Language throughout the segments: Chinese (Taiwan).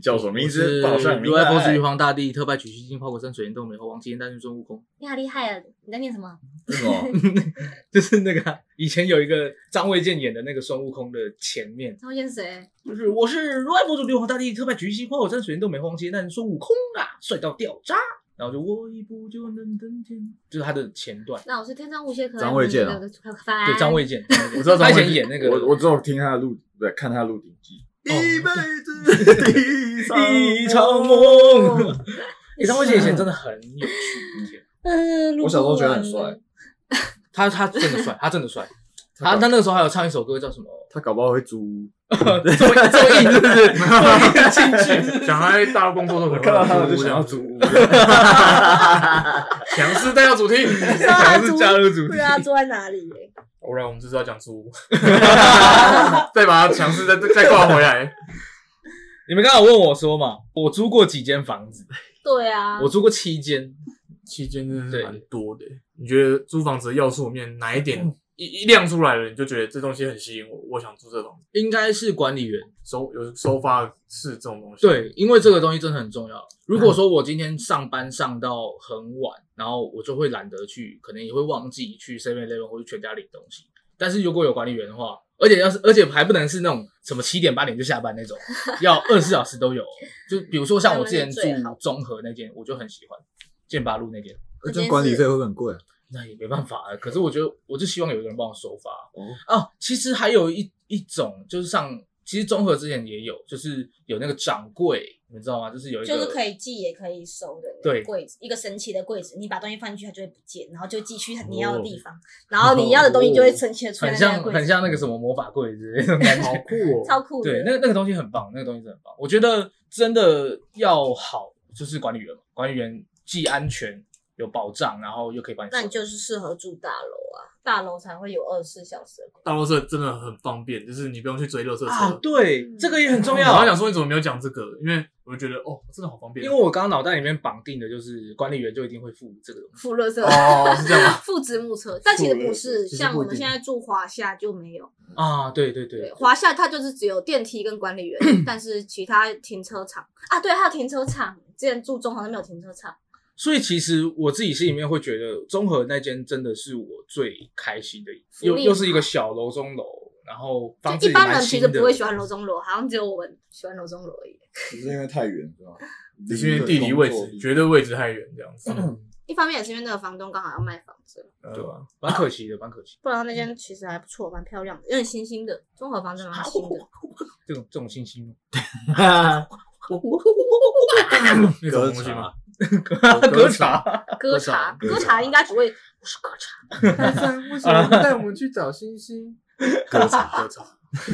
.叫什麼名字？我是如來佛祖，玉皇大帝特派取西經花果山水簾洞美猴王齊天大聖孫悟空。你好、啊、厲害啊！你在念什麼？嗯、這什麼？ 就是那個以前有一個張衛健演的那個孫悟空的前面。張衛健誰？就是我是如來佛祖，玉皇大帝特派取西經花果山水簾洞美猴王齊天大聖孫悟空啊，帥到掉渣！然後就我一步就能登天，就是他的前段。哦、那我是天山無邪可。張衛健啊。對，張衛健，健 我知道他 以前演那個我。我我只有聽他的錄， 對，看他鹿鼎記一輩子一場夢。李昌輝姐以前真的很有趣，嗯，我小時候覺得很帥，嗯，他他真的帥，他真的帥。啊，他那個時候還有唱一首歌叫什麼？他搞不好會租屋、租屋、租屋。小、嗯、 大陸工作都可以看到他的就想要租。哈哈哈哈哈哈！強勢帶到主題，強勢加入主題，不知道在哪裡、欸。不然我們就是要講租，再把它強勢再再掛回來。 你們剛好問我說嘛，我租過幾間房子？對啊，我租過七間，七間真的是蠻多的欸。你覺得租房子的要素裡面哪一點？ 一一亮出來了，你就覺得這東西很吸引我，我想住這種。應該是管理員收有收發室這種東西。對，因為這個東西真的很重要。嗯、如果說我今天上班上到很晚，然後我就會懶得去，可能也會忘記去7-11或者全家領東西。但是如果有管理員的話，而且要是而且還不能是那種什麼七點八點就下班那種， 要二十四小時都有、喔。就比如說像我之前住中和那間，我就很喜歡，建八路那間。而且管理費會不會很貴？ 那也沒辦法了，可是我覺得，我就希望有一個人幫我收發。嗯、哦其實還有一一種，就是像，其實綜合之前也有，就是有那個掌櫃，你知道嗎？就是有一個，就是可以寄也可以收的對櫃子對，一個神奇的櫃子，你把東西放進去，它就會不見，然後就寄去你要的地方，哦、然後你要的東西就會呈現出來、哦。很像很像那個什麼魔法櫃子那種感覺，好酷，超酷，哦 超酷。對，那那個東西很棒，那個東西很棒。我覺得真的要好，就是管理員，管理員既安全。有保障，然後又可以幫你，那你就是適合住大樓啊，大樓才會有二十四小時。大樓是真的很方便，就是你不用去追垃圾車。啊，對、嗯，這個也很重要。我要講說，你怎麼沒有講這個？因為我就覺得，哦，真的好方便、啊。因為我剛，剛腦袋裡面綁定的就是管理員就一定會付這個東西，付垃圾哦，是這樣嗎？付 車，但其實不是，像我們現在住華夏就沒有、嗯、啊，對對對，對，華夏它就是只有電梯跟管理員， 但是其他停車場啊，對啊，還有停車場。之前住中好都沒有停車場。所以其實我自己心裡面會覺得，中和那間真的是我最開心的一間，一又又是一個小樓中樓，然後房子蠻新的。一般人其實不會喜歡樓中樓，好像只有我們喜歡樓中樓而已。只是因為太遠是吧？是因為 地理位置，絕對位置太遠這樣子、嗯。一方面也是因為那個房東剛好要賣房子了、嗯，對啊，蠻、啊、可惜的，蠻可惜。不然那間其實還不錯，蠻漂亮的，因為新新的，中和房子蠻新的。這種這種新新的，哈哈哈。你懂我意思嗎？ 喝茶，喝茶，喝茶應該只會不是喝茶。為什麼帶我們去找星星？喝茶，喝茶，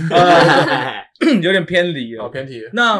茶啊、 有點偏離了，好偏題。那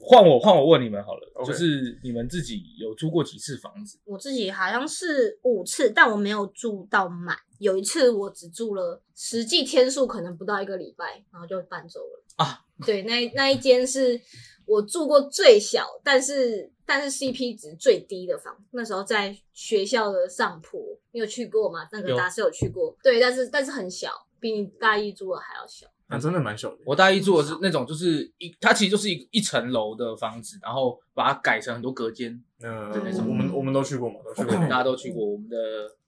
換我換我問你們好了，okay. 就是你們自己有租過幾次房子？我自己好像是五次，但我沒有住到滿。有一次我只住了實際天數可能不到一個禮拜，然後就搬走了。啊，對，那那一間是。我住過最小，但是但是 C P 值最低的房子，那時候在學校的上鋪。你有去過嗎？那個大師有去過，對，但是但是很小，比你大一住的還要小。那、啊、真的蠻小的。我大一住的是那種，就是一，它其實就是一一層樓的房子，然後把它改成很多隔間。嗯，對我們我們都去過嘛，都去過。咳咳大家都去過。嗯、我們的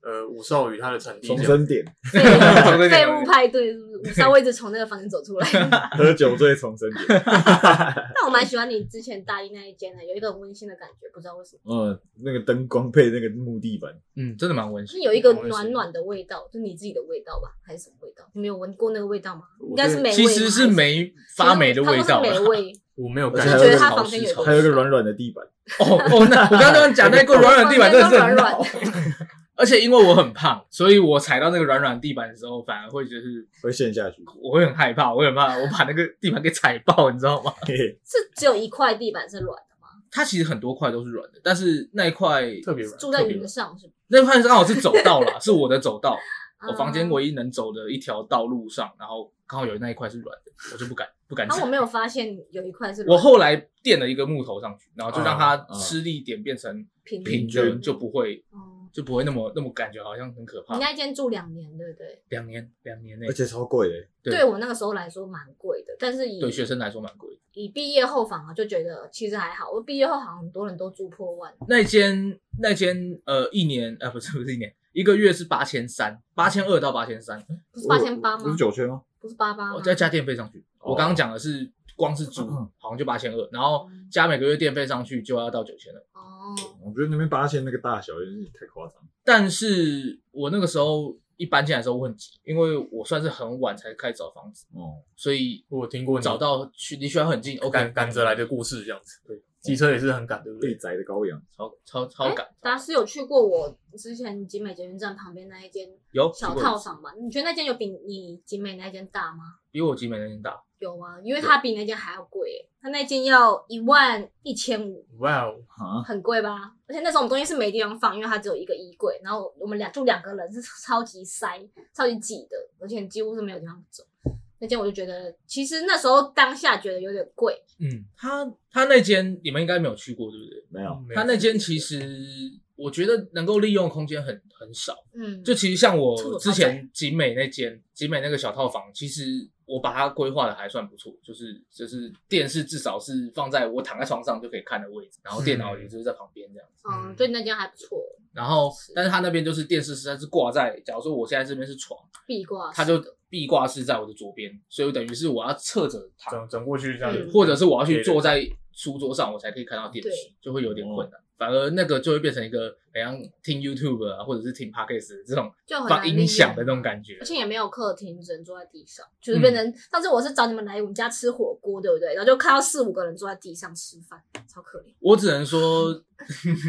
呃，武少宇他的成績重生點，廢 物派對是稍微一直從那個房間走出來， 喝酒醉重生。 但我蠻喜歡你之前大一那一間的，有一個溫馨的感覺，不知道為什麼。嗯、呃，那個燈光配那個木地板，嗯，真的蠻溫馨。嗯、那有一個暖暖的味道，就是你自己的味道吧，還是什麼味道？你沒有聞過那個味道嗎？應該是沒味。其實是霉發霉的味道味，啊。我沒有感覺。覺得他房間有，還有一個軟軟的地板。 哦，哦那我我剛剛講那個軟軟地板就是。 而且因為我很胖，所以我踩到那個軟軟地板的時候，反而會就是會陷下去。我會很害怕，我會很怕，我把那個地板給踩爆，你知道嗎？ 是只有一塊地板是軟的嗎？它其實很多塊都是軟的，但是那一塊特別軟，住在雲上是嗎？那塊是剛好是走道啦， 是我的走道， 我房間唯一能走的一條道路上，然後剛好有那一塊是軟的，我就不敢不敢。然後我沒有發現有一塊是軟的。我後來墊了一個木頭上去，然後就讓它吃力一點，變成平均、嗯嗯、平均，就不會、嗯就不會那麼那麼感覺好像很可怕。你那間住兩年，對不對？兩年，兩年誒，而且超貴的對,對我那個時候來說蠻貴的，但是以對學生來說蠻貴。以畢業後反而、啊、就覺得其實還好，我畢業後好像很多人都住破萬。那間那間呃一年啊不是不是一年一個月是八千三，八千二到八千三，不是八千八嗎？不是九千嗎？不是八八嗎？我再加電費上去，oh. 我剛剛講的是。光是租好像就八千二，然後加每個月電費上去就要到九千了。哦、嗯，我覺得那邊八千那個大小有點太誇張。但是我那個時候一搬進來的時候我很急，因為我算是很晚才開始找房子，哦、嗯，所以我聽過找到去離學校很近，趕趕着來的故事這樣子。對，機車也是很趕的，被宰的羔羊，超超超趕。大家是有去過我之前景美捷運站旁邊那一間有小套房嗎？你覺得那間有比你景美那間大嗎？比我景美那間大。有嗎？因為他比那間還要貴，他那間要一萬一千五，哇、wow, huh?，很貴吧？而且那時候我們東西是沒地方放，因為它只有一個衣櫃，然後我們倆住兩個人是超級塞、超級擠的，而且幾乎是沒有地方走。那間我就覺得，其實那時候當下覺得有點貴。嗯，他他那間你們應該沒有去過，對不對？沒有，他那間其實。我覺得能夠利用空間很很少，嗯，就其實像我之前景美那間，景美那個小套房，其實我把它規劃的還算不錯，就是就是電視至少是放在我躺在床上就可以看的位置，然後電腦也就是在旁邊這樣子。嗯，對、嗯，嗯嗯，所以那間還不錯。然後，是但是他那邊就是電視實在是掛在，假如說我現在這邊是床，壁掛，他就壁掛是在我的左邊，所以等於是我要側着躺，整，整過去這樣子，嗯，或者是我要去坐在書桌上我才可以看到電視，就會有點困難。Oh. 反而那個就會變成一個，好像聽 YouTube 啊，或者是聽 Podcast 的這種就放音響的那種感覺。而且也沒有客廳，只能坐在地上，就是變成、嗯、上次我是找你們來我們家吃火鍋，對不對？然後就看到四五個人坐在地上吃飯，超可憐。我只能說，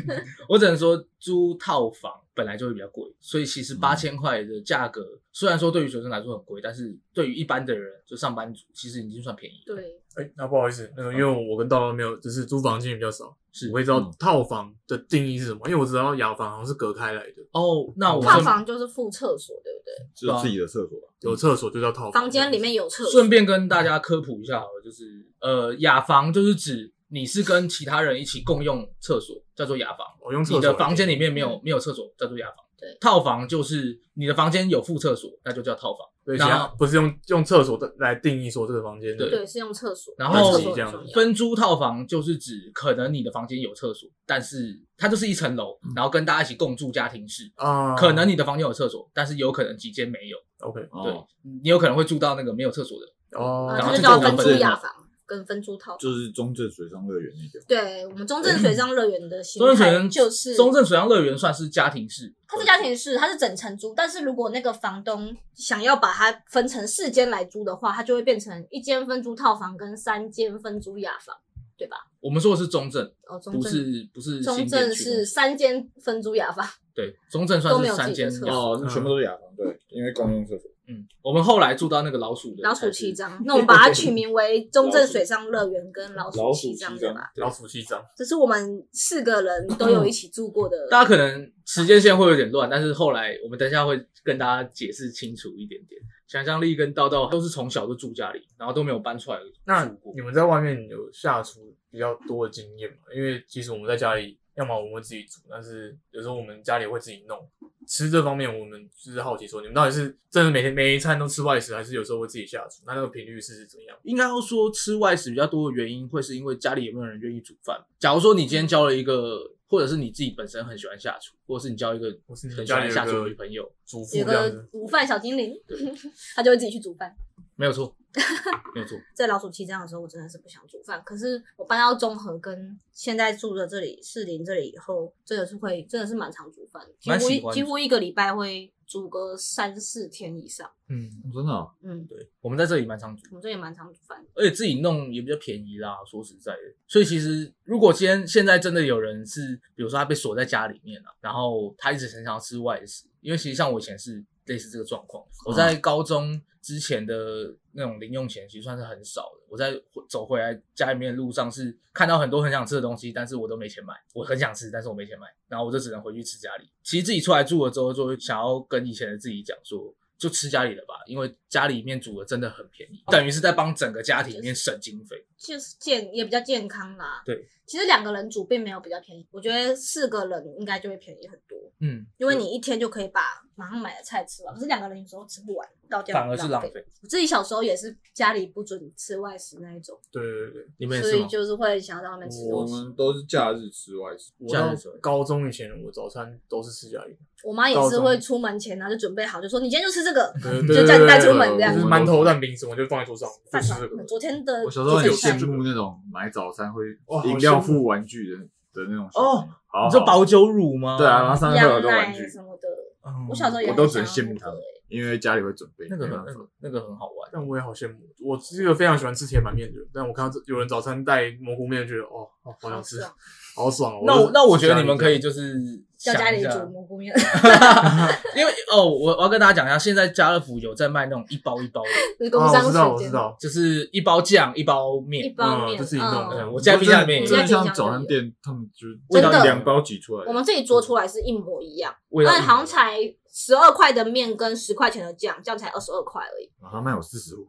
我只能說，租套房本來就會比較貴，所以其實八千塊的價格、嗯，雖然說對於學生來說很貴，但是對於一般的人，就上班族，其實已經算便宜了。對。哎、欸，那不好意思，個、嗯嗯、因為我跟大王沒有，只、就是租房經驗比較少，是，我也知道套房的定義是什麼，嗯、因為我知道雅房好像是隔開來的。哦，那我們套房就是附廁所，對不對？就自己的廁所吧、嗯，有廁所就叫套房。房間裡面有廁所。順便跟大家科普一下好了、嗯，就是，呃，雅房就是指你是跟其他人一起共用廁所，叫做雅房。我、哦、用廁所你的房間裡面沒有、嗯、沒有廁所，叫做雅房。對，套房就是你的房間有附廁所，那就叫套房。然後不是用用廁所的來定義說這個房間，對，是用廁所。然後分租套房就是指可能你的房間有廁所，但是它就是一層樓、嗯，然後跟大家一起共住家庭式、嗯。可能你的房間有廁所，但是有可能幾間沒有。OK，對、哦，你有可能會住到那個沒有廁所的。哦、嗯嗯，然後就要分租雅房。嗯嗯分租套就是中正水上樂園那邊。對，我們中正水上樂園的中正就是、嗯、中正水上樂園，算是家庭式，它是家庭式，它是整層租。但是如果那個房東想要把它分成四間來租的話，它就會變成一間分租套房跟三間分租雅房，對吧？我們說的是中正，哦，中正不是不是，中正是三間分租雅房。對，中正算是三間哦，那、嗯、全部都是雅房，對，因為公共廁所。嗯，我們後來住到那個老鼠的老鼠七章，那我們把它取名為中正水上樂園跟老鼠七章對吧？老鼠七章、章，這是我們四個人都有一起住過的、嗯。大家可能時間線會有點亂，但是後來我們等一下會跟大家解釋清楚一點點。想象力跟道道都是從小都住家裡，然後都沒有搬出來而已。那你們在外面有下廚比較多的經驗嗎？因為其實我們在家裡。要麼我們會自己煮，但是有時候我們家裡會自己弄。吃這方面，我們就是好奇說，你們到底是真的每天每一餐都吃外食，還是有時候會自己下廚？那，那個頻率是是怎麼樣？應該要說吃外食比較多的原因，會是因為家裡有沒有人願意煮飯？假如說你今天交了一個，或者是你自己本身很喜歡下廚，或者是你交一個，是很喜歡下廚的一朋友，有個煮飯小精靈，他就會自己去煮飯。沒有錯。 沒有做，在老鼠期這樣的時候，我真的是不想煮飯。可是我搬到中和，跟現在住的這裡士林這裡以後，真、這、的、個、是會真的、這個、是蠻常煮飯，幾乎一幾乎一個禮拜會煮個三四天以上。嗯，真的、啊。嗯，對，我們在這裡蠻常煮，我們這裡蠻常煮飯，而且自己弄也比較便宜啦。說實在的，所以其實如果今天現在真的有人是，比如說他被鎖在家裡面了、啊，然後他一直很想要吃外食，因為其實像我以前是類似這個狀況，哦、我在高中。之前的那種零用錢其實算是很少的。我在走回來家裡面的路上是看到很多很想吃的東西，但是我都沒錢買。我很想吃，但是我沒錢買，然後我就只能回去吃家裡。其實自己出來住了之後，就想要跟以前的自己講說，就吃家裡了吧，因為家裡面煮的真的很便宜，哦、等於是在幫整個家庭裡面省經費，就是健也比較健康啦、啊。對，其實兩個人煮並沒有比較便宜，我覺得四個人應該就會便宜很多。嗯，因為你一天就可以把馬上買的菜吃完，可是兩個人有時候吃不完，倒掉反而是浪費。我自己小時候也是家裡不准吃外食那一種。對對對對，所以就是會想要在外面吃東西。我們都是假日吃外食，假日。我高中以前我早餐都是吃家裡。我媽也是會出門前她、啊、就準備好，就說你今天就吃這個，對對對對對就叫你帶出門這樣子。饅頭、蛋餅什麼就放在桌上。吃這個、昨天的我小時候有羨慕那種買早餐會飲料附玩具的。哦的那種哦，你知道、oh, oh, 薄酒乳嗎？對啊，然後上面還有玩具什麼的，um, 我小時候也想我都很羨慕他們，因為家裡會準備、那個、那個，那個很好玩，但我也好羨慕。我是一個非常喜歡吃鐵板面的，但我看到有人早餐帶蘑菇面，覺得哦，好想吃，好,吃、啊、好爽哦、啊。那我那我覺得你們可以就是。要家裡煮蘑菇麵， 因為哦，我我要跟大家講一下，現在家樂福有在賣那種一包一包的，啊就是、工商的我知道我知道，就是一包醬一包麵，一包麵、嗯嗯嗯嗯、就是一種。我家冰箱裡面，就像早餐店他們就是真的兩包擠出來，我們自己做出來是一模一樣。而且好像才十二塊的麵跟十塊錢的醬，這樣才二十二塊而已。然、啊、後他賣我四十五，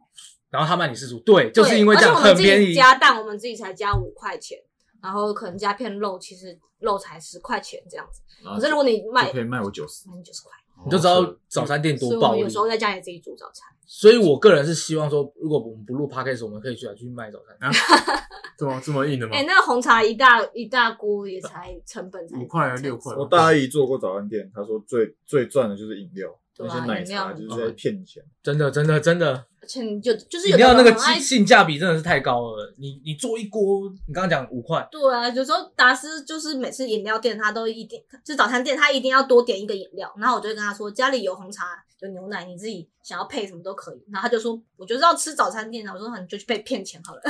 然後他賣你四十五，對，就是因為這樣很便宜。加蛋我們自己才加五塊錢。然後可能加片肉，其實肉才十塊錢這樣子。啊、可是如果你賣可以賣我九十，賣你九十塊，你都知道早餐店多暴利。我有時候在家裡自己煮早餐。所以我個人是希望說，嗯、如果我們不錄 podcast，我們可以出來去賣早餐。哈這麼這麼硬的嗎？哎、欸，那個紅茶一大一大鍋也才成本五塊還是六塊？啊？我大阿姨做過早餐店，她說最最賺的就是飲料。有、啊、些奶茶就是在騙你錢，真的真的真的，而且有就，就是飲料那個性性價比真的是太高了。你你做一鍋，你剛剛講五塊，對啊，有時候達斯就是每次飲料店他都一定，就是、早餐店他一定要多點一個飲料，然後我就會跟他說家裡有紅茶。就牛奶，你自己想要配什麼都可以。然後他就說：“我就是要吃早餐店的。”我說：“你就去被騙錢好了。”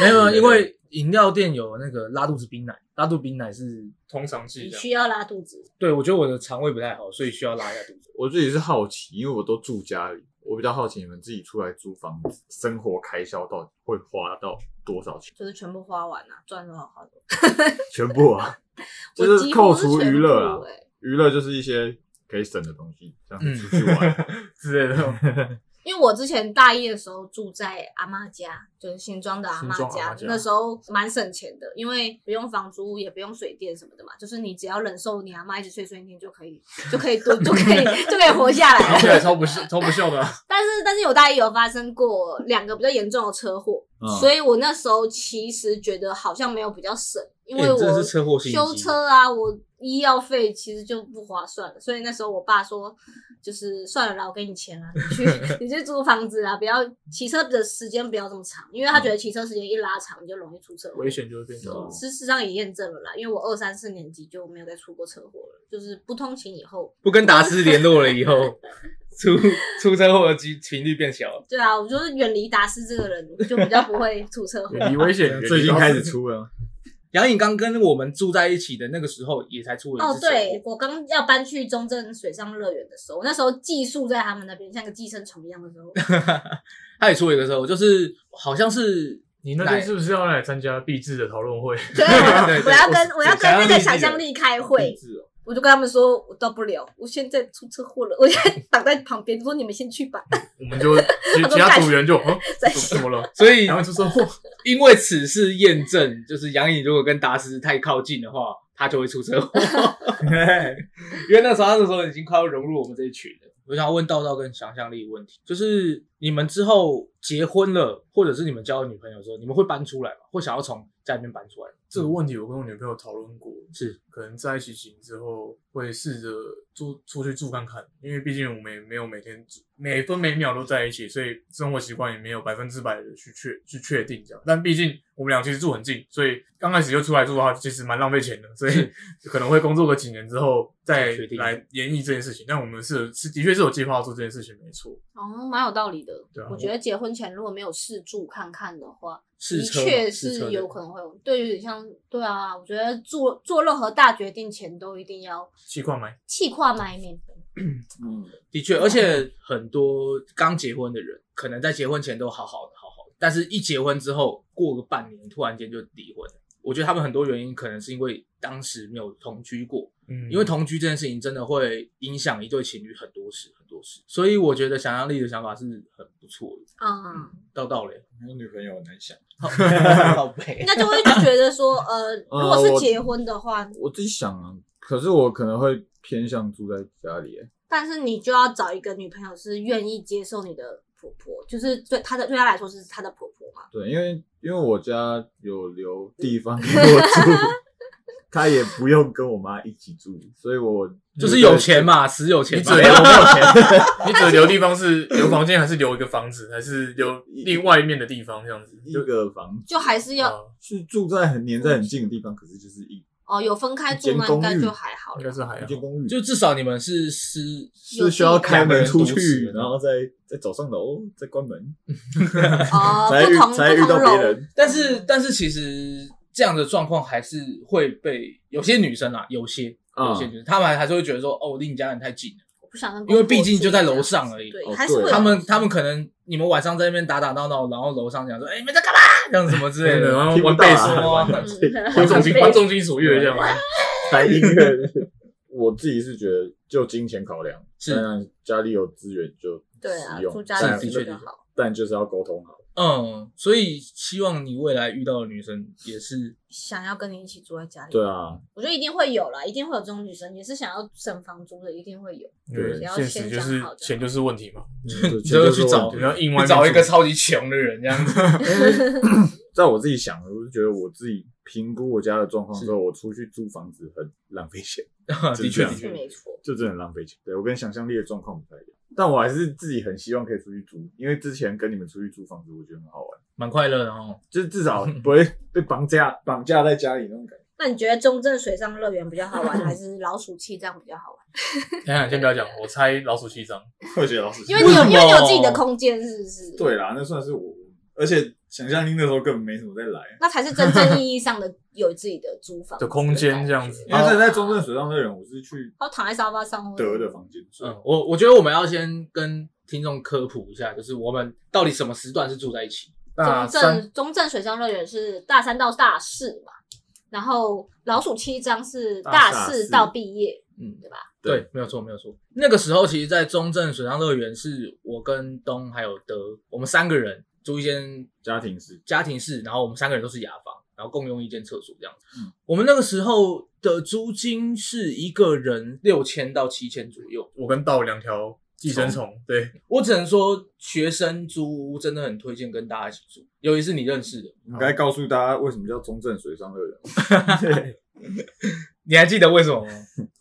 沒有啊，因為飲料店有那個拉肚子冰奶。拉肚子冰奶是通常是需要拉肚子。對，我覺得我的腸胃不太好，所以需要拉一下肚子。 我自己是好奇，因為我都住家裡，我比較好奇你們自己出來租房子，生活開銷到底會花到多少錢？就是全部花完啊，賺多少？花 全部啊，就是扣除娛樂啊，娛樂、欸、就是一些。可以省的東西，這樣子出去玩，嗯、之類的。 因為我之前大一的時候住在阿媽家，就是新莊的阿媽家，家，那時候蠻省錢的，因為不用房租，也不用水電什麼的嘛，就是你只要忍受你阿媽一直碎碎念，就可以就可以讀就可以就可以活下來，超不笑超不笑的。但是但是有大一有發生過兩個比較嚴重的車禍。所以我那時候其實覺得好像沒有比較省，因為我修車啊，我醫藥費其實就不划算了。所以那時候我爸說，就是算了啦，我給你錢啊，你去你去租房子啊，不要騎車的時間不要這麼長，因為他覺得騎車時間一拉長，你就容易出車禍，危險就會變高。事實上也驗證了啦，因為我二三四年級就沒有再出過車禍了，就是不通勤以後，不跟達斯聯絡了以後。 出出車禍的機頻率變小了。 對啊，我就是遠離達斯這個人，就比較不會出車禍啊。遠 離危險。 最近開始出了。楊穎剛跟我們住在一起的那個時候，也才出了一次。哦，對，我剛要搬去中正水上樂園的時候，那時候寄宿在他們那邊，像個寄生蟲一樣的時候。 他也出了一個時候，就是好像是你那邊是不是要來參加畢製的討論會 對對對對。對，我要跟我要跟那個想象力開會。我就跟他們說，我到不了，我現在出車禍了，我現在擋在旁邊，就 說你們先去吧， 我們就其，其他組員就怎 麼了？ 所以然後出車禍， 因為此事驗證，就是楊穎如果跟達斯太靠近的話，他就會出車禍。 因為那時候他的時候已經快要融入我們這一群了。我想要問道道跟想象力的問題，就是你們之後。結婚了，或者是你們交了女朋友之後，你們會搬出來嗎？會想要從家裡面搬出來、嗯、這個問題，我跟我女朋友討論過，是可能在一起幾年之後，會試着住出去住看看，因為畢竟我們也沒有每天每分每秒都在一起，所以生活習慣也沒有百分之百的去確去確定這樣。但畢竟我們倆其實住很近，所以剛開始就出來住的話，其實蠻浪費錢的，所以可能會工作個幾年之後再來演繹這件事情。但我們是是的確是有計劃要做這件事情，沒錯。哦、嗯，蠻有道理的。對、啊，我覺得結婚。婚前如果沒有試住看看的話，的確是有可能會有。對，有點像，對啊，我覺得做做任何大決定前都一定要氣跨買，氣跨買嗯，嗯，嗯，的確、嗯，而且很多剛結婚的人，可能在結婚前都好好的好好的，但是一結婚之後過個半年，突然間就離婚了。我覺得他們很多原因可能是因為當時沒有同居過，嗯，因為同居這件事情真的會影響一對情侶很多事很多事。所以我覺得想象力的想法是很不錯的。啊、uh, 嗯，到道理，有女朋友很難想，好 那就會覺得說，呃、嗯，如果是結婚的話，我，我自己想啊，可是我可能會偏向住在家裡，但是你就要找一個女朋友是願意接受你的婆婆，就是對她的，對她來說是她的婆婆嘛。對，因為因為我家有留地方給我住。 他也不用跟我媽一起住，所以我就,就是有錢嘛，死有錢嘛。你準備留多錢？ 你準留地方是留房間，還是留一個房子， 還是留另外面的地方這樣子？一,一個房就還是要是、啊、住在很黏在很近的地方，可是就是一哦，有分開住應該就還好了、啊，應該是還好、嗯。就至少你們是是是,是需要開門出去，然後再再走上樓再關門， 才遇才遇到別人。但是但是其實。這樣的狀況還是會被有些女生啊，有些、嗯、有些女生，他們還是會覺得說，哦，離你家人太近了，不想跟我，因為畢竟就在樓上而已。哦、對，還是他們他們可能你們晚上在那邊打打鬧鬧，然後樓上講說，哎、欸，你們在幹嘛？這樣子什麼之類的，然後被說，可能聽重金屬一下這樣。玩、嗯、 音樂，我自己是覺得，就金錢考量，當然家裡有資源就使對啊，用家裡資源好但，但就是要溝通好。嗯，所以希望你未來遇到的女生也是想要跟你一起住在家裡。對啊，我覺得一定會有啦，一定會有這種女生，也是想要省房租的，一定會有。對，要好好現實就是錢就是問題嘛，就就，就去找你要硬找一個超級窮的人這樣子。 在我自己想，我是覺得我自己評估我家的狀況之後，我出去租房子很浪費錢。 這 的確的確沒錯，就真的很浪費錢。對，我跟想象力的狀況不太一樣。但我還是自己很希望可以出去租，因為之前跟你們出去租房子，我覺得很好玩，蠻快樂的哦。就至少不會被綁架，綁 架在家裡那種感覺。那 你覺得中正水上樂園比較好玩，還是老鼠器樣比較好玩？ 等一下，先不要講，我猜老鼠器髒，我覺得老鼠，因為你有你有自己的空間，是不是？ 對啦，那算是我，而且。想象力，那時候根本沒什麼，再來，那才是真正意義上的 有自己的租房的空間這樣子。因為在中正水上樂園，我是去，我躺在沙發上了，德的房間嗯，我我覺得我們要先跟聽眾科普一下，就是我們到底什麼時段是住在一起？中正中正水上樂園是大三到大四嘛，然後老鼠七張是大四到畢業，大大嗯，對吧？對？對，沒有錯，沒有錯。那個時候，其實，在中正水上樂園，是我跟東還有德，我們三個人。租一間家庭室，家庭室，然後我們三個人都是雅房，然後共用一間廁所這樣子，嗯。我們那個時候的租金是一個人六千到七千左右。我跟道兩條寄生蟲，對，對，我只能說學生租屋真的很推薦跟大家一起住，尤其是你認識的，你應該告訴大家為什麼叫中正水上樂園。 你還記得為什麼？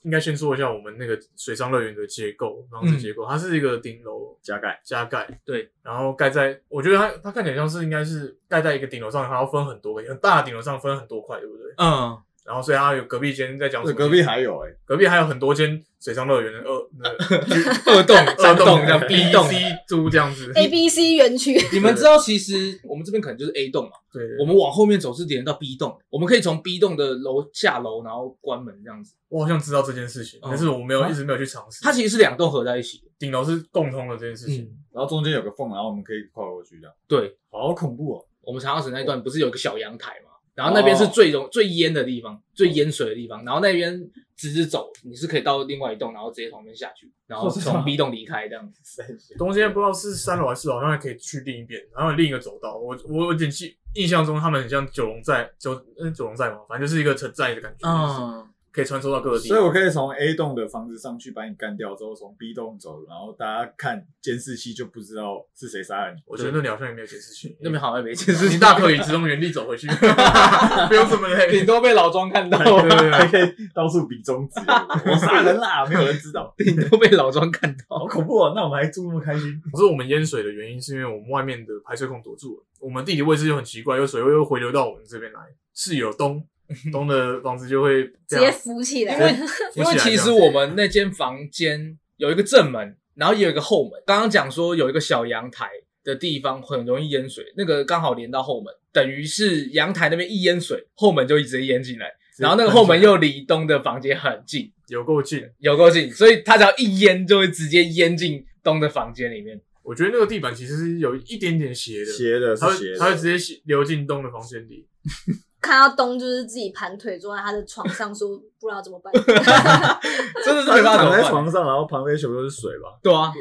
應該先說一下我們那個水上樂園的結構，然後這結構，它是一個頂樓加蓋，加蓋，對，然後蓋在，我覺得它它看起來像是應該是蓋在一個頂樓上，它要分很多個很大的頂樓上分很多塊，對不對？嗯。然後，所以他有隔壁間在講什麼。隔壁還有哎、欸，隔壁還有很多間水上樂園的二、二棟、三棟這樣，B 棟、 C 柱這樣子。A、B、C 園區。你們知道，其實我們這邊可能就是 A 棟嘛。對，對。我們往後面走是連到 B 棟， 我們可以從 B 棟的樓下樓，然後關門這樣子。我好像知道這件事情，但是我沒有一直沒有去嘗試、哦。它其實是兩棟合在一起，頂樓是共通的這件事情，嗯、然後中間有個縫，然後我們可以跨過去這樣。對，好，好恐怖哦！我們長樂城那一段不是有個小陽台嗎？然後那邊是最容、oh. 最淹的地方，最淹水的地方。然後那邊直直走，你是可以到另外一棟，然後直接從那邊下去，然後從 B 棟離開這樣子、oh,。東西不知道是三樓還是四樓，好像還可以去另一邊。然後另一個走道，我我有點記印象中，他們很像九龍寨，九嗯、呃、九龍寨嘛？反正就是一個城寨的感覺。嗯、oh.。可以穿梭到各地，所以我可以從 A 棟的房子上去把你幹掉，之後從 B 棟走，然後大家看監視器就不知道是誰殺了你。我覺得那裡好像也沒有監視器，那邊好像也沒監視器，你大可以直從原地走回去，不 用 什麼黑，頂多被老莊看到對、啊，還可以到處比中指。啊、 我殺人啦，沒有人知道，頂多被老莊看到，好恐怖、哦。那我們還住那麼開心？可 是我們淹水的原因，是因為我們外面的排水孔堵住了。我們地理位置又很奇怪，有水位又回流到我們這邊來。室友東。東的房子就會直接浮起來，因為因為其實我們那間房間有一個正門，然後也有一個後門。剛剛講說有一個小陽台的地方很容易淹水，那個剛好連到後門，等於是陽台那邊一淹水，後門就一直淹進來。然後那個後門又離東的房間很近，有夠近，有夠近，所以它只要一淹就會直接淹進東的房間裡面。我覺得那個地板其實是有一點點斜的，斜的，是斜的。它會，它會直接流進東的房間裡。 看到東就是自己盤腿坐在他的床上說，說 不知道怎麼辦。 真的是，他是躺在床上，然後旁邊全部都是水吧？對啊，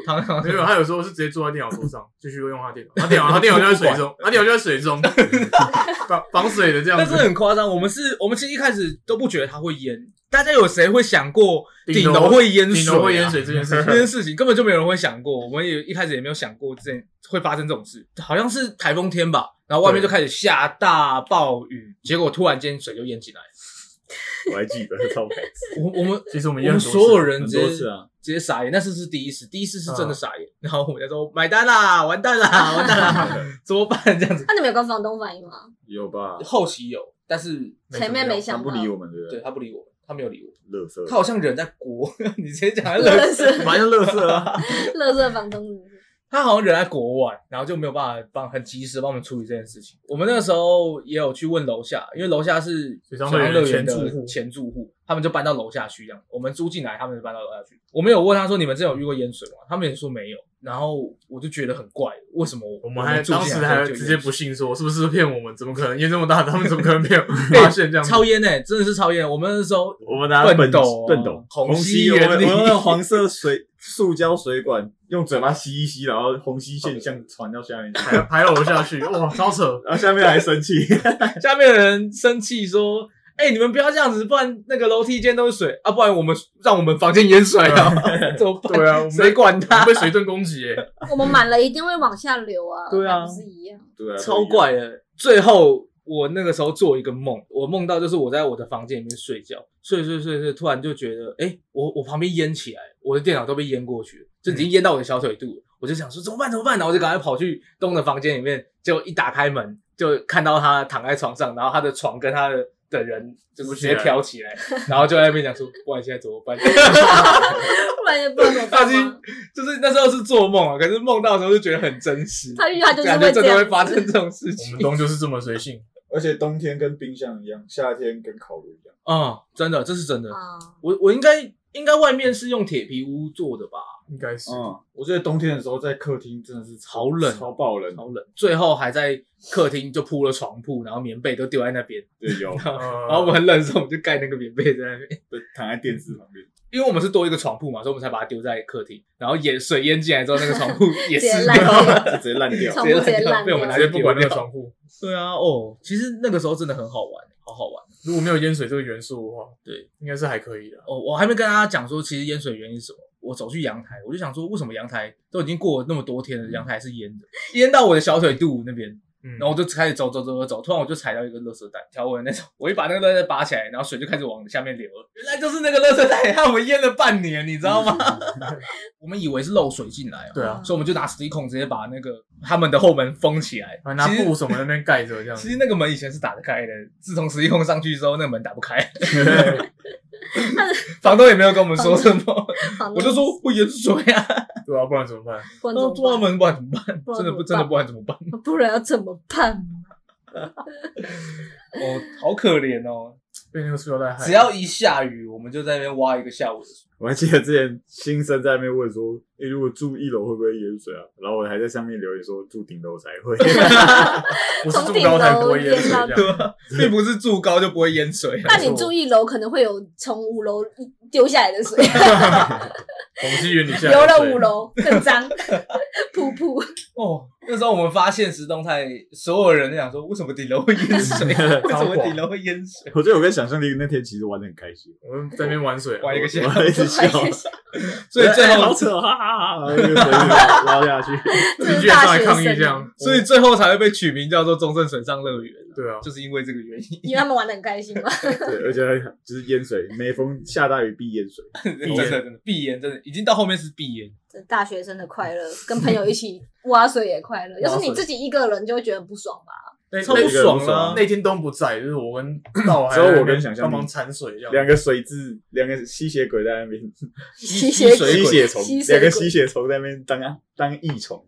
沒有，他有時候是直接坐在電腦桌上，繼 續用他電腦。他電腦、啊，他電腦就在水中， 他電腦就在水中，防 防 水的這樣子。但是很誇張，我們是，我們其實一開始都不覺得他會淹。大家有誰會想過頂樓會淹水？頂樓會淹水這件事，這件事情根本就沒有人會想過。我們也一開始也沒有想過這件會發生這種事。好像是台風天吧，然後外面就開始下大暴雨，結果突然間水就淹進來了。我還記得是超背。我我們其實我們淹水所有人直接直接傻眼，那次是第一次，第一次是真的傻眼。然後我們家說買單啦，完蛋啦，完蛋啦，怎麼辦這樣子？那你沒有跟房東反映嗎？有吧，後期有，但是前面沒想。他不理我們是不是？對不對？對，他不理我們。他沒有理我，樂色。他好像人在國， 你直接講樂色，反正樂色啊，樂色房東。他好像人在國外，然後就沒有辦法幫，很及時幫我們處理這件事情。我們那個時候也有去問樓下，因為樓下是水上樂園的前住戶，他們就搬到樓下去這樣我們租進來，他們就搬到樓下去。我沒有問他說你們這有遇過淹水嗎？他們也說沒有。然後我就覺得很怪，為什麼我們還、嗯、當時還直接不信，說是不是騙我們？怎麼可能淹這麼大？他們怎麼可能沒有發現、 欸、這樣？超淹呢、欸，真的是超淹。我們那時候我們拿畚斗、畚斗、虹吸，我們用那個黃色水塑膠水管， 用嘴巴吸一吸，然後虹吸現象傳到下面， 排排到樓下去，哇，超扯！然後下面還生氣， 下面的人生氣說。哎、欸，你們不要這樣子，不然那個樓梯間都是水啊！不然我們讓我們房間淹水啊？ 怎麼辦？對啊，誰管他？被水盾攻擊、欸， 我們滿了一定會往下流啊！對啊，是一樣，對、啊對啊，超怪的欸。 最後我那個時候做一個夢，我夢到就是我在我的房間裡面睡覺，睡睡睡睡，突然就覺得，哎、欸，我我旁邊淹起來，我的電腦都被淹過去了，就已經淹到我的小腿肚了。嗯、我就想說怎麼辦怎麼辦啊！我就趕快跑去東的房間裡面，結果一打開門就看到他躺在床上，然後他的床跟他的。的人就直接跳起來，然後就在那邊講說：“ 不管現在怎麼辦？”哈哈哈，反正大家就是那時候是做夢啊，可是夢到的時候就覺得很真實。他就感覺就真的會發生這種事情。我們冬就是這麼隨性， 而且冬天跟冰箱一樣，夏天跟烤爐一樣。啊，真的，這是真的。啊、我我應該應該外面是用鐵皮屋做的吧？應該是，嗯、我記得冬天的時候在客廳真的是超冷，超爆冷，超冷。最後還在客廳就鋪了床鋪，然後棉被都丟在那邊。對 然後，有。 然後我們很冷的時候，我們就蓋那個棉被在那邊，對，躺在電視旁邊。 因為我們是多一個床鋪嘛，所以我們才把它丟在客廳。然後淹水淹進來之後，那個床鋪也是，就 直,爛 直接爛掉。直接爛，被我們拿去不管 那個床鋪。對啊，哦，其實那個時候真的很好玩，好好玩。如果沒有淹水這個元素的話，對， 應該是還可以的。哦，我還沒跟大家講說，其實淹水原因是什麼。我走去陽台，我就想說，為什麼陽台都已經過了那麼多天了，陽台是淹的，淹到我的小腿肚那邊。然後我就開始走走走走走，突然我就踩到一個垃圾袋，條紋那種，我一把那個袋子拔起來，然後水就開始往下面流了。原來就是那個垃圾袋讓我們淹了半年，你知道嗎？ 我們以為是漏水進來啊，對啊，所以我們就拿矽利康直接把那個他們的後門封起來，拿布什麼在那邊蓋着這樣子，其。其實那個門以前是打得開的，自從矽利康上去之後，那個門打不開。 房東也沒有跟我們說什麼， 我就說不淹水啊，對啊，不然怎麼辦？不然怎麼不然怎麼辦？真的不真的不然怎麼辦？不然要怎麼辦？麼 哦，好可憐哦，被那個塑料袋害。只要一下雨， 我們就在那邊挖一個下午的。我還記得之前新生在那邊問說，誒、欸、如果住一樓會不會淹水啊？然後我還在上面留言說，住頂樓才會。不 從頂樓笑是住高才不會淹水啊？對吧，並不是住高就不會淹水，啊。那你住一樓可能會有從五樓丟下來的水，啊。 我們去淤泥下。流了五樓，更髒， 噗噗。哦，那時候我們發現時動態，所有人都想說，為什麼頂樓會淹水？ 為什麼頂樓會淹水？我覺得我跟想象力那天其實玩得很開心，我們在那邊玩水，啊， 玩一個線。 笑，所以最後， 欸、好扯，哈哈哈哈哈，拉 下去，的 確大學抗議，這樣、嗯，所以最後才會被取名叫做“中正水上樂園”。對啊，就是因為這個原因，因為他們玩得很開心嘛。 對，而且還就是淹水，每逢下大雨必淹水， 必淹，真真的，必淹真的，已經到後面是必淹。這大學生的快樂，跟朋友一起挖 水也快樂，要是你自己一個人，就會覺得不爽吧。超爽了，啊！那天都不在，就是我跟道還有幫忙摻水樣，兩個水蛭，兩個吸血鬼在那邊，吸血鬼吸血蟲，兩個吸血蟲在那邊等啊。當異寵，蟲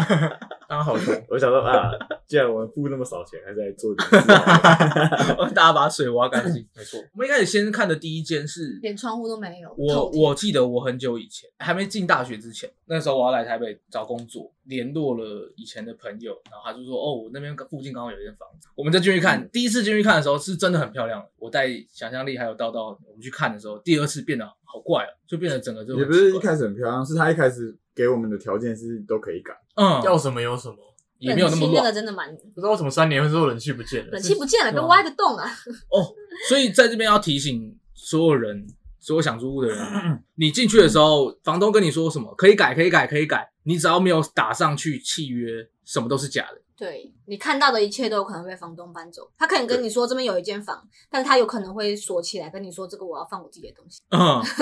當好寵蟲。 我想說啊，既然我們付那麼少錢，還在做次。我 們大家把水挖乾淨。 沒錯，我們一開始先看的第一間是，連窗戶都沒有。我我記得我很久以前還沒進大學之前，那時候我要來台北找工作，聯絡了以前的朋友，然後他就說，哦，我那邊附近剛好有一間房子。我們再進去看，嗯，第一次進去看的時候是真的很漂亮，我帶想象力還有叨叨。我們去看的時候，第二次變得。好怪啊、哦，就變成整個就也不是一開始很漂亮，是他一開始給我們的條件是都可以改，嗯，要什麼有什麼，也沒有那麼得真的蠻不知道為什麼三年之後人氣不見了，人氣不見了都歪的動了、啊。哦，所以在這邊要提醒所有人，所有想租屋的人， 你進去的時候， 房東跟你說什麼可以改，可以改，可以改，你只要沒有打上去契約，什麼都是假的。對，你看到的一切都有可能被房東搬走，他可能跟你說這邊有一間房，但是他有可能會鎖起來，跟你說這個我要放我自己的東西。嗯，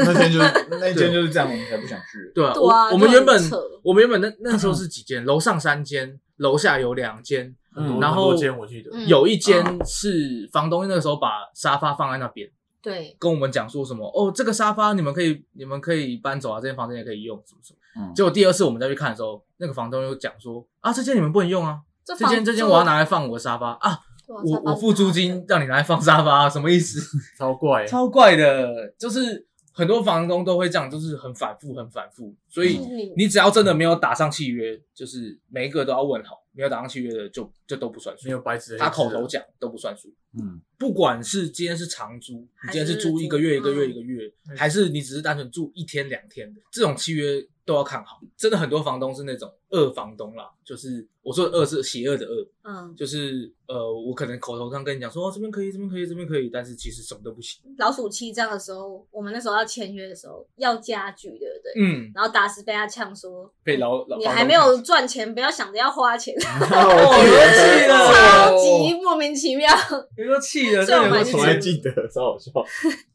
那間就是那間就是這樣，我們才不想去。對、啊我，我們原本我們原本那那時候是幾間、嗯，樓上三間，樓下有兩間，嗯、然後我記得有一間是房東那時候把沙發放在那邊，對、嗯，跟我們講說什麼、嗯、哦，這個沙發你們可以你們可以搬走啊，這間房間也可以用，什麼嗯，結果第二次我們再去看的時候，那個房東又講說啊，這間你們不能用啊。這間這間我要拿來放我的沙發啊！我我付租金讓你拿來放沙發，什麼意思？超怪！超怪的， 超怪的、嗯，就是很多房東都會這樣，就是很反覆，很反復。所以你只要真的沒有打上契約，就是每一個都要問好，沒有打上契約的就就都不算數，沒有白紙。他口頭講都不算數。嗯，不管是今天是長租，你今天是租一個月、一個月、一個月、嗯、一個月，還是你只是單純住一天、兩天的，這種契約。都要看好，真的很多房東是那種惡房東啦，就是我說的“惡”是邪惡的“惡”，嗯，就是呃，我可能口頭上跟你講說，哦，這邊可以，這邊可以，這邊可以，但是其實什麼都不行。老鼠氣這樣的時候，我們那時候要簽約的時候要家具，對不對？嗯，然後打時被他嗆說：“被老老，你還沒有賺錢，不要想着要花錢。哦”我氣的超級莫名其妙。你說氣人，這種我從來記得超好笑。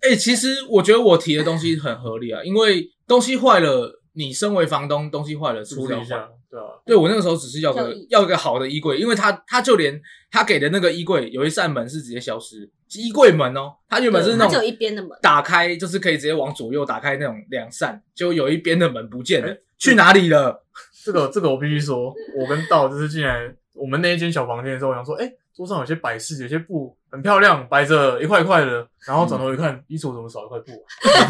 哎、欸，其實我覺得我提的東西很合理啊， 因為東西壞了。你身為房東，東西壞了是是，處理一下。對啊，對我那個時候只是要個要一個好的衣櫃，因為他他就連他給的那個衣櫃有一扇門是直接消失，衣櫃門哦、喔，他原本是那種有一邊的門，打開就是可以直接往左右打開那種兩扇，就有一邊的門不見了、欸，去哪裡了？這個這個我必須說，我跟道就是進來我們那一間小房間的時候，我想說，誒、欸桌上有些擺飾，有些布很漂亮，擺着一塊塊的。然後轉頭一看，嗯、衣櫥怎麼少一塊布、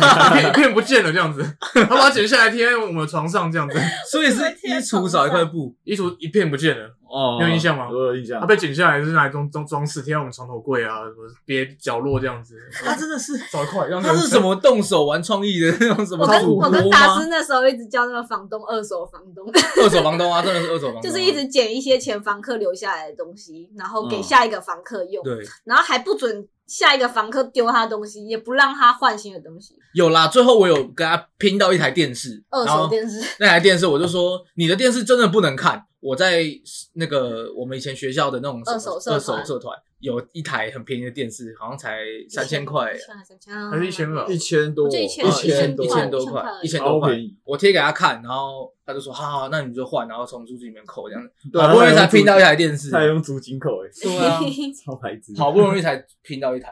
啊？ 一片不見了，這樣子。 他把它剪下來貼在我們床上，這樣子。所以是衣櫥少一塊布，衣 櫥一片不見了。哦，有印象嗎？我有印象，他被剪下來就是拿來裝裝裝飾，貼在我們床頭櫃啊，什麼別角落這樣子。他、啊啊、真的是他是什麼動手玩創意的那種？什麼？我跟我跟大師那時候一直叫那個房東，二手房東，二手房東啊， 真的是二手房東。就是一直撿一些前房客留下來的東西，然後給下一個房客用。嗯、對，然後還不准下一個房客丟他的東西，也不讓他換新的東西。有啦，最後我有跟他拼到一台電視，二手電視，那台電視我就說，你的電視真的不能看。我在那個我們以前學校的那種什麼二手社團，有一台很便宜的電視，好像才三千塊，啊，還是一、啊、一,一千，一千多，一千多塊，一千多塊，一千多塊。我貼給他看，然後他就說：“好，okay. 哈哈，那你就換，然後從租金裡面扣。”這樣子，對，好不容易才拼到一台電視，啊，才用租金扣。欸，哎，對啊，超牌子。好不容易才拼到一台。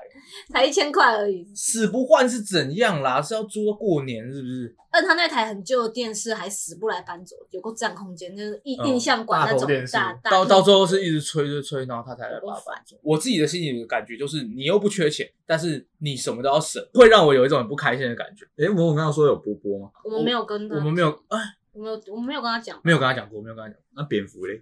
才一千塊而已，死不換是怎樣啦？是要租到過年是不是？但他那台很舊的電視還死不來搬走，有個佔空間就是印象館那種大。到到最後是一直催催催，然後他才來他搬走我。我自己的心裡的感覺就是你又不缺錢，但是你什麼都要省，會讓我有一種很不開心的感覺。哎、欸，我們剛剛說有波波嗎我？我們沒有跟的，我們沒有啊。我沒有，我沒有跟他講。沒有跟他講過，沒有跟他講過，過、啊、 過， 過。那蝙蝠嘞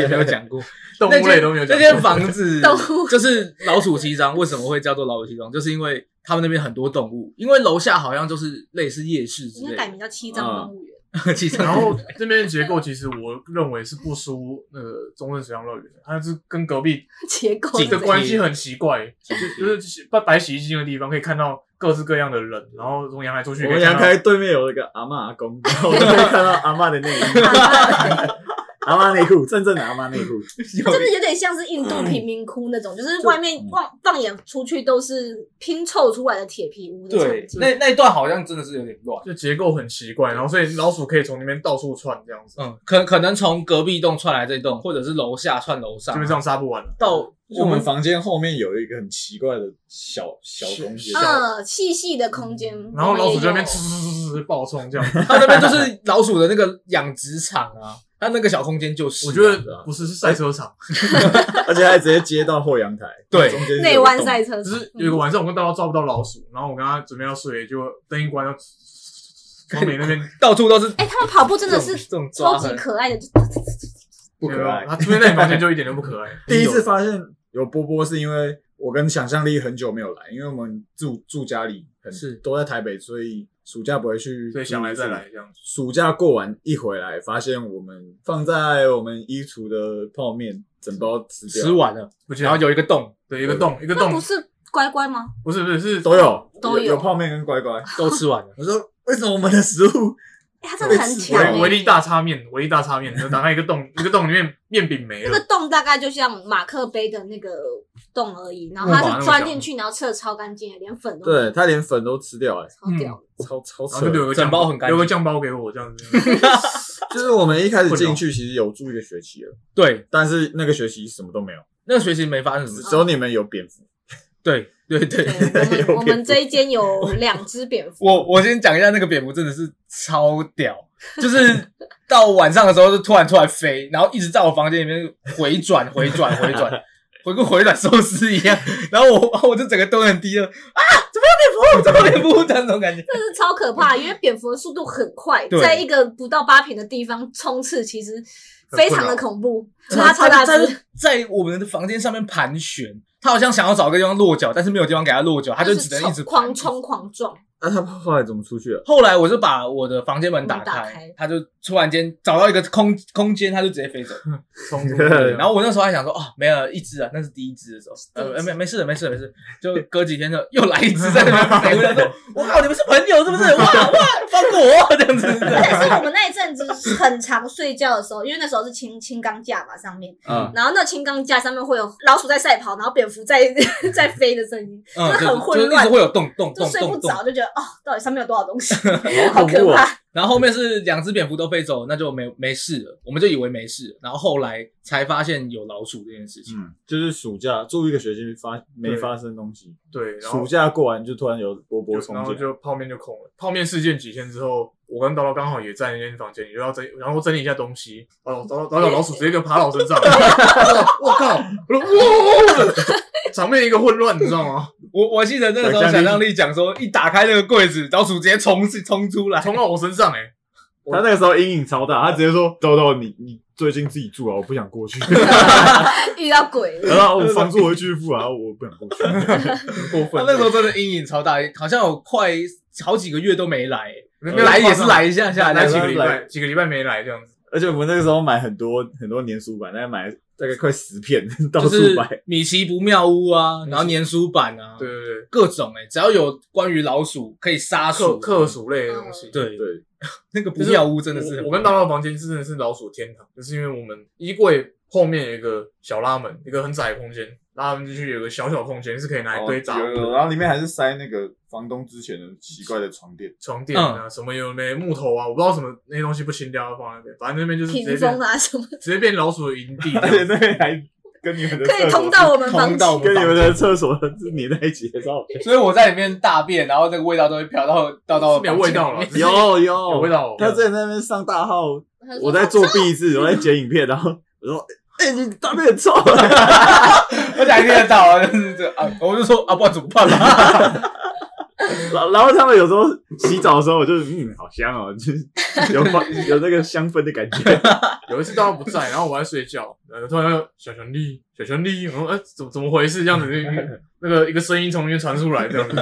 也沒有講過，動物嘞都沒有。講。那間房子 就是老鼠七張，為什麼會叫做老鼠七張？就是因為他們那邊很多動物，因為樓下好像就是類似夜市之類的，應該改名叫七張動物園。哦 然後這邊的結構其實我認為是不輸那個中正水上樂園，它是跟隔壁結構的關係很奇怪，是就，就是擺洗衣機的地方可以看到各式各樣的人，然後從陽台出去可以看到，從陽台對面有一個阿嬤阿公，然後我就可以看到阿嬤的那一面。 阿媽內褲，真正的阿媽內褲， 真的有點像是印度貧民窟那種，嗯、就是外面望放眼出去都是拼湊出來的鐵皮屋的。對，那那一段好像真的是有點亂，就結構很奇怪，然後所以老鼠可以從那邊到處竄，這樣子。嗯，可可能從隔壁棟竄來這棟，或者是樓下竄樓上，啊，基本上殺不完，啊。到我們房間後面有一個很奇怪的小小東西，嗯，細細的空間，嗯。然後老鼠在那邊滋滋滋滋爆衝，這樣子。它那邊就是老鼠的那個養殖場啊。他那個小空間就是，我覺得不是是賽車場，欸，而且還直接接到後陽台。 對，對，內彎賽車場。只是有一個晚上，我跟大家抓不到老鼠，然後我跟他準備要睡，嗯、就燈一關要，後面、欸、那邊到處都是。哎、欸，他們跑步真的是這種，這種超級可愛的，嗯、就不可愛。有有他出現在你房間就一點都不可愛。 第一次發現有波波是因為。我跟想象力很久沒有來，因為我們住住家裡很，很是都在台北，所以暑假不會去，所以想來再來這樣子。暑假過完一回來，發現我們放在我們衣櫥的泡麵，整包吃掉了。吃完了，然、嗯、後有一個洞、嗯對對對，對，一個洞，一個洞不是乖乖嗎？不是不是是都有都有，有，有泡麵跟乖乖都吃完了。 我說為什麼我們的食物？欸、他真的很強、欸，威力大叉面，威力大叉面，然 後打開一個洞， 一個洞裡面面餅沒了。那個洞大概就像馬克杯的那個洞而已，然後它是鑽進去，然後吃的超乾淨， 連粉都。對他連粉都吃掉、欸，了、嗯。超屌，超超扯，然後就有個醬包很乾淨，有 個醬包給我，這樣子。 就是我們一開始進去，其實有住一個學期了， 對，但是那個學期什麼都沒有，那個學期沒發生什麼，只有你們有蝙蝠，哦、 對。對，對對，嗯、我們 我們這一間有兩隻蝙蝠。我我，我先講一下那個蝙蝠真的是超屌， 就是到晚上的時候就突然突然飛，然後一直在我房間裡面回轉回轉回轉，回個回轉壽司一樣。然後我我就整個都很低了啊！怎麼有蝙蝠？啊、怎麼，有蝙蝠、啊、怎麼有蝙蝠？這種感覺，那 是超可怕，因為蝙蝠的速度很快，在一個不到八坪的地方衝刺，其實非常的恐怖。超、啊、超大隻，在我們的房間上面盤旋。他好像想要找個地方落腳，但是沒有地方給他落腳，他就只能一直狂衝狂撞。那、啊、他後來怎麼出去了？後來我就把我的房間門打開，打開，他就突然間找到一個空空間，他就直接飛走 空間，對，然後我那時候還想說，哦，沒了，一隻啊，那是第一隻的時候，呃，沒沒事的，沒事沒事，就隔幾天就又來一隻在那邊飛，我 就說，我靠，你們是朋友是不是？ 哇哇，放過我這樣子。而 且是我們那一陣子很常睡覺的時候，因為那時候是青青鋼架嘛，上面，嗯。然後那青鋼架上面會有老鼠在賽跑，然後蝙蝠在 在飛的聲音，嗯、就是、很混亂，就是、一直會有洞洞。就睡不着，就覺得。哦，到底上面有多少東西？ 好恐怖啊！ 然後後面是兩隻蝙蝠都飛走了，那就沒沒事了，我們就以為沒事了。然後後來才發現有老鼠這件事情。嗯，就是暑假住一個學期發沒發生東西。對，對，暑假過完就突然有波波衝進來，然後就泡面就空了。泡面事件幾天之後，我跟刀刀剛好也在那間房間，也要整，然後整理一下東西。哦，刀刀，刀刀老鼠直接就爬到我身上！我 靠！我。場面一個混亂，你知道嗎？我我記得那個時候想象力講說一，一打開那個櫃子，老鼠直接衝衝出來，衝到我身上、欸，誒他那個時候陰影超大，他直接說，豆、嗯、豆、嗯，你你最近自己住啊，我不想過去。啊、遇到鬼了。然後房租回去付、嗯、啊，我不想過去，嗯嗯、過分。他那時候真的陰影超大，好像有快好幾個月都沒來、欸，嗯、沒來也是來一下下，來、嗯、幾個禮拜、嗯、幾個禮拜沒來這樣子。而且我們那個時候買很多很多黏鼠板，大家買。大概快十片到數百，就是，米奇不妙屋啊，嗯、然後黏鼠板啊，對對對，各種哎、欸，只要有關於老鼠可以殺鼠，克鼠類的東西，對、啊、對，對對 那個不妙屋真的是我，我跟大老房間真的是老鼠天堂，就是因為我們衣櫃後面有一個小拉門，一個很窄的空間。他們就是有個小小空間，是可以拿來堆雜物，哦，然後裡面還是塞那個房東之前的奇怪的床墊，床墊啊，嗯，什麼有沒有木頭啊？我不知道什麼那些東西不清掉放那邊，反正那邊就是屏風啊什麼，直接變老鼠的營地。對， 那邊還跟你們的廁所可以通到我們房間，跟你們的廁所是連在一起的照片， 所以我在裡面大便，然後這個味道都會飄到，到到到沒 有味道了。有有有味道，他在那邊上大號，我在做壁紙，嗯，我在剪影片，然後我說。哎、欸，你大便也臭、欸！ 我講那邊也臭啊，就是這啊，我就說啊，不然怎麼辦？哈哈哈哈，然後他們有時候洗澡的時候，我就嗯，好香哦，就是有有那個香氛的感覺。 有一次他們不在，然後我在睡覺，呃，突然小兄弟，小兄弟，我說哎、欸，怎麼怎麼回事？這樣子， 那個一個聲音從裡面傳出來，這樣子，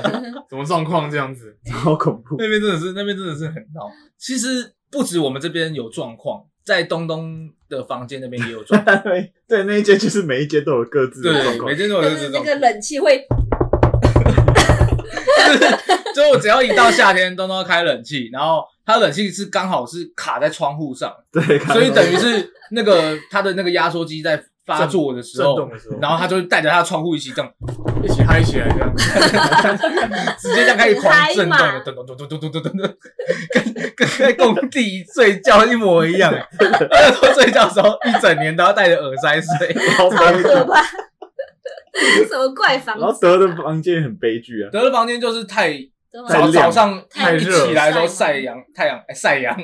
怎麼狀況？這樣子，好恐怖！那邊真的是，那邊真的是很鬧。 其實不止我們這邊有狀況。在東東的房間那邊也有裝， 對，那一間就是每一間都有各自的對，每間都有各自的，那個冷氣會， 就是就我只要一到夏天，東東要開冷氣，然後它冷氣是剛好是卡在窗戶上，對，卡，所以等於是那個它的那個壓縮機在。發作的，的時候，然後他就帶着他的窗戶一起這樣，一起嗨起來這樣子， 直接這樣開始狂震動的，咚咚咚咚咚咚咚咚，跟跟在工地睡覺一模一樣。 的睡覺的時候一整年都要戴着耳塞睡，好可怕。什麼怪房子？然後德的房間很悲劇啊，德的房間就是太。早早上太熱，一起來的時候曬陽太陽，哎，曬陽，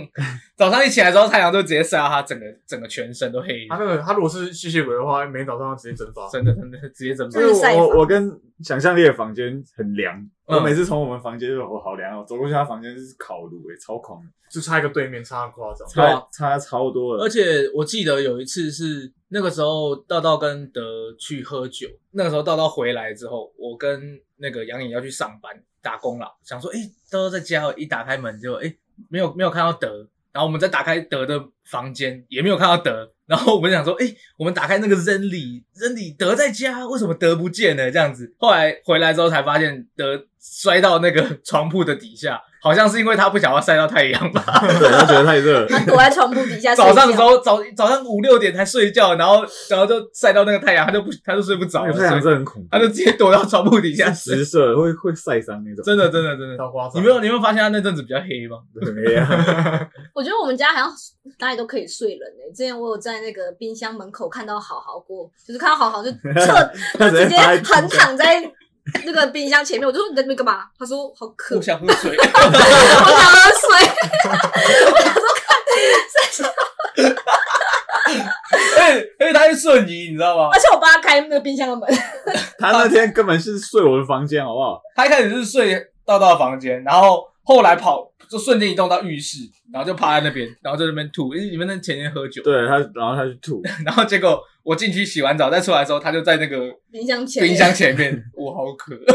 早上一起來之後太陽就直接曬到他整個整個全身都黑。他那個他如果是吸血鬼的話，每天早上直接蒸發，真的真的直接蒸發。所以、就是、我我，我跟。想象力的房間很涼，我每次從我們房間就說我好涼哦，走過去他房間是烤爐誒、欸、超狂的，就差一個對面差的誇張，差差超多了。而且我記得有一次是那個時候道道跟德去喝酒，那個時候道道回來之後，我跟那個楊穎要去上班打工了，想說哎、欸，道道在家一打開門就哎、欸、沒有沒有看到德，然後我們再打開德的房間也沒有看到德，然後我們想說，哎、欸，我們打開那個扔里扔里德在家，為什麼德不見呢？這樣子，後來回來之後才發現德摔到那個床鋪的底下，好像是因為他不想要曬到太陽吧，啊、對，他覺得太熱， 他躲在床鋪底下。早上的時候早早上五六點才睡覺，然後然後就曬到那個太陽，他就不他就睡不着了、哎，太陽真的很恐怖，他就直接躲到床鋪底下，直射，會會曬傷那種，真的真的真的超花。你沒有你沒有發現他那陣子比較黑嗎？黑啊、 我覺得我們家好像都可以睡了呢、欸。之前我有在那個冰箱門口看到好好過，就是看到好好就側，就直接橫躺在那個冰箱前面。 我就說你在那邊幹嘛？他說好渴，我想喝水，我想喝水。 我想說喝看，哈哈哈哈哈。他是瞬移，你知道嗎？而且我幫他開那個冰箱的門。他那天根本是睡我的房間，好不好？ 他一開始是睡大大房間，然後。後來跑就瞬間移動到浴室，然後就趴在那邊，然後就在那邊吐，因為你們那前天喝酒。對，他然後他去吐， 然後結果我進去洗完澡再出來的時候，他就在那個冰箱前面，冰箱前面。我 好渴。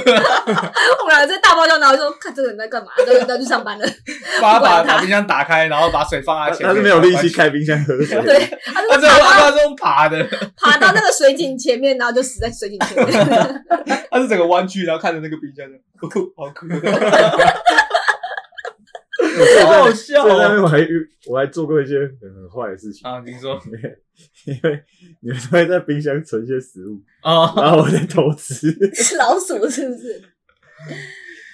後來這大包就然後說，看這個人在幹嘛？人要去上班了。把把，把冰箱打開，然後把水放在前面。他是沒有力氣開冰箱喝水。 對，他是他是用爬的，爬到那個水井前面，然後就死在水井前面。 他是整個彎曲，然後看着那個冰箱的，好酷，好酷。我在在那邊、喔、我還我還做過一些很很壞的事情啊，你說，因為，因為你們都會在冰箱存一些食物啊，然後我在偷吃，老鼠是不是？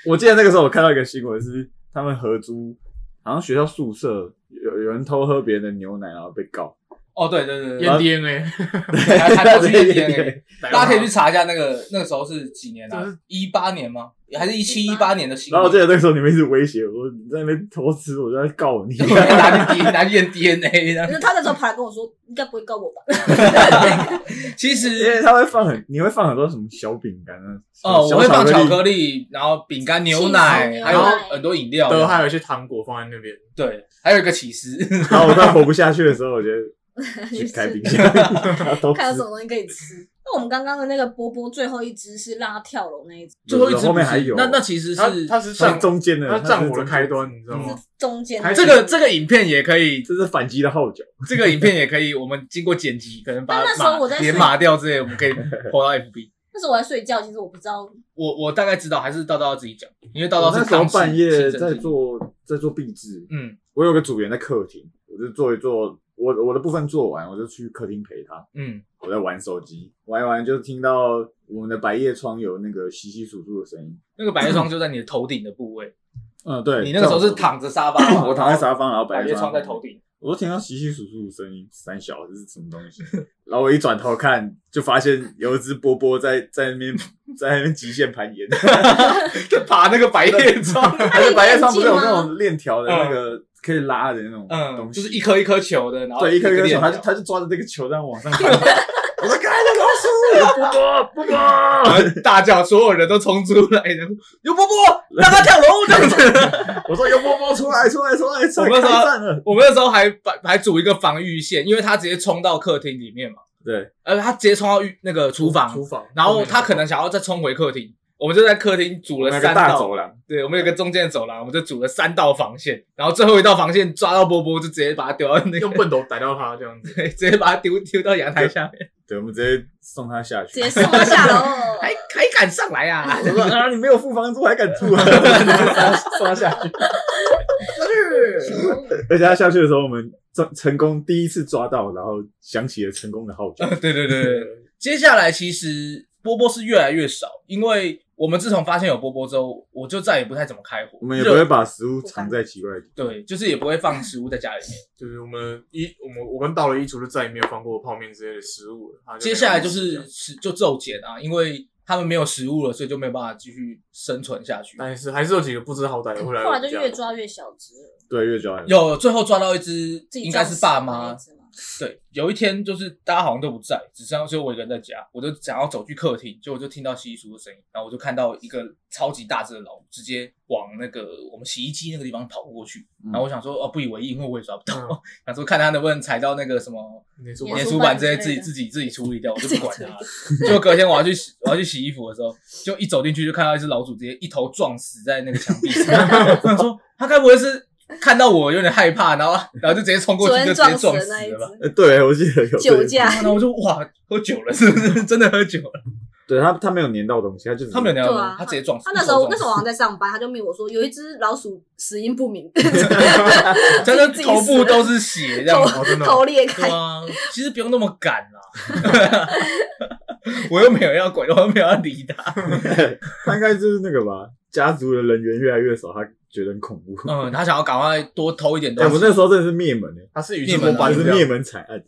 我記得那個時候我看到一個新聞是他們合租，好像學校宿舍有有人偷喝別人的牛奶，然後被告。哦，對對對驗 DNA，對驗，DNA，還要去驗 DNA，大家可以去查一下那個那個時候是幾年啊？一八年嗎？還是一七一八年的時候？然後這個那時候你們一直威脅我，在那邊偷吃，我在，那我就在告你拿去 DNA，拿去驗 DNA。就是他那時候爬來跟我說，應該不會告我吧？ 其實，因為他會放很，你會放很多什麼小餅乾啊？哦，我會放巧克力，然後餅乾、牛奶，還有很多飲料，對，還有一些糖果放在那邊。對，還有一個起司。然後我在活不下去的時候，我覺得。 去開冰箱，的 都看有什麼東西可以吃。那 我們剛剛的那個波波最後一隻是讓他跳樓那一隻， 最後一隻後面還有。那那其實是，它，它，是它是中間的它戰火的開端，你知道嗎？中間這個這個影片，也可以，這是反擊的號角。這個影片，也可以，我們經過剪輯， 可能把把剪碼掉之類 我們可以 PO 到 FB。 那時候我在睡覺，其實我不知道。我我大概知道，還是道道要自己講，嗯，因為道道是剛半夜在做在做壁紙。嗯，我有個組員在客廳，我就做一做。我我的部分做完，我就去客廳陪他。嗯，我在玩手機，玩一玩就聽到我們的百葉窗有那個窸窸窣窣的聲音。那個百葉窗就在你的頭頂的部位。嗯，對。你那個時候是躺着沙發嗎？我躺在沙發，然後百葉窗，窗在頭頂。我都聽到窸窸窣窣的聲音，三小這是什麼東西？ 然後我一轉頭看，就發現有一隻波波在在那邊在那邊極限攀岩，就 爬那個百葉窗。還是百 葉窗不是有那種鏈條的那個？嗯可以拉的那種，嗯，就是一顆一顆球的，然後對一顆一顆球，他就他就抓着這個球在往上，看 我說：“趕緊老師，波波波波！” 哥哥然後大叫，所有人都衝出來了，牛伯伯，讓他跳樓， 這樣子。 我說牛伯伯：“牛伯伯出來，出來，出來！”我們那時候，我們那時候還還組一個防御線，因為他直接衝到客廳裡面嘛，對，呃，他直接衝到那個廚房，廚房，然後他可能想要再衝回客廳。我們就在客廳組了三道個，大走廊，對，我們有個中間的走廊，我們就組了三道防線，然後最後一道防線抓到波波就直接把它丟到那個，用畚斗逮到它，這樣子直接把它丟丟到陽台下面對。對，我們直接送他下去，直接送他下樓，哦， 還還敢上來啊？ 我說啊，你沒有付房租還敢住，啊？刷 對 下去，刷下去。而且他下去的時候，我們抓成功第一次抓到，然後響起了成功的號角。對對對，對，對， 接下來其實波波是越來越少，因為我們自從發現有波波之後，我就再也不太怎麼開火。我們也不會把食物藏在奇怪的地方。對，就是也不會放食物在家裡面。 就是我們一，我們我跟，到了衣櫥就再也沒有放過泡面之類的食物了。接下來就是食就驟減啊，因為他們沒有食物了，所以就沒有辦法繼續生存下去。但是還是有幾個不知好歹會來的，後來後來就越抓越小只。對，越抓有，最後抓到一只，應該是爸媽。對，有一天就是大家好像都不在，只剩下只有我一個人在家，我就想要走去客廳，結果我就聽到洗衣服的聲音，然後我就看到一個超級大只的老鼠直接往那個我們洗衣機那個地方跑過去，然後我想說哦，不以為意，因為我也抓不到、嗯，想說看他能不能踩到那個什麼粘鼠板之類，自己自己自己處理掉，我就不管他了。就隔天我要去洗 我要去洗衣服的時候，就一走進去就看到一只老鼠直接一頭撞死在那個牆壁上， 想說他該不會是？看到我有點害怕，然後然後就直接衝過去就直接撞死了那一。對，我記得有酒駕。然後我說哇，喝酒了是不是？真的喝酒了？對，他他沒有粘到東西，他就是他沒有粘到東西、啊，他直接撞死。他，他那時候那時候好像在上班，他就命我說有一只老鼠死因不明，他 的頭部都是血，這樣頭，頭裂開、啊。其實不用那麼趕啦、啊， 我又沒有要管，我又沒有要理他。 他應該就是那個吧，家族的人員越來越少，他。覺得很恐怖。嗯，他想要趕快多偷一點東西。我、啊、那時候真的是滅門哎、欸。他是宇智波斑滅門慘、啊、案，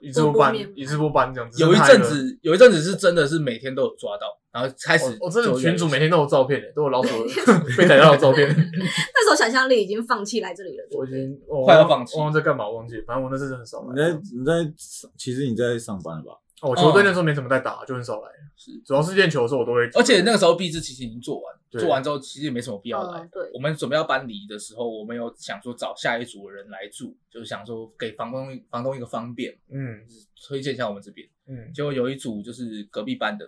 宇智波斑宇智波斑這樣, 這樣,子,這樣、就是、子。有一陣子有一陣子是真的是每天都有抓到，然後開始我、哦哦、真的群組每天都有照片、欸嗯、都有老鼠 被逮到的照片。 那時候想象力已經放棄來這裡了對對，我已經快要放棄。我忘,了我忘了在幹嘛，忘記了。反正我那時候很少來的。你在你在其實你在上班了吧？我、哦、球隊那時候沒怎麼在打，就很少來。是、哦，主要是練球的時候我都會。而且那個時候壁紙其實已經做完。做完之後其實也沒什麼必要來、嗯。對，我們準備要搬離的時候，我們有想說找下一組的人來住，就是想說給房東房東一個方便，嗯，推薦一下我們這邊。嗯，結果有一組就是隔壁班的，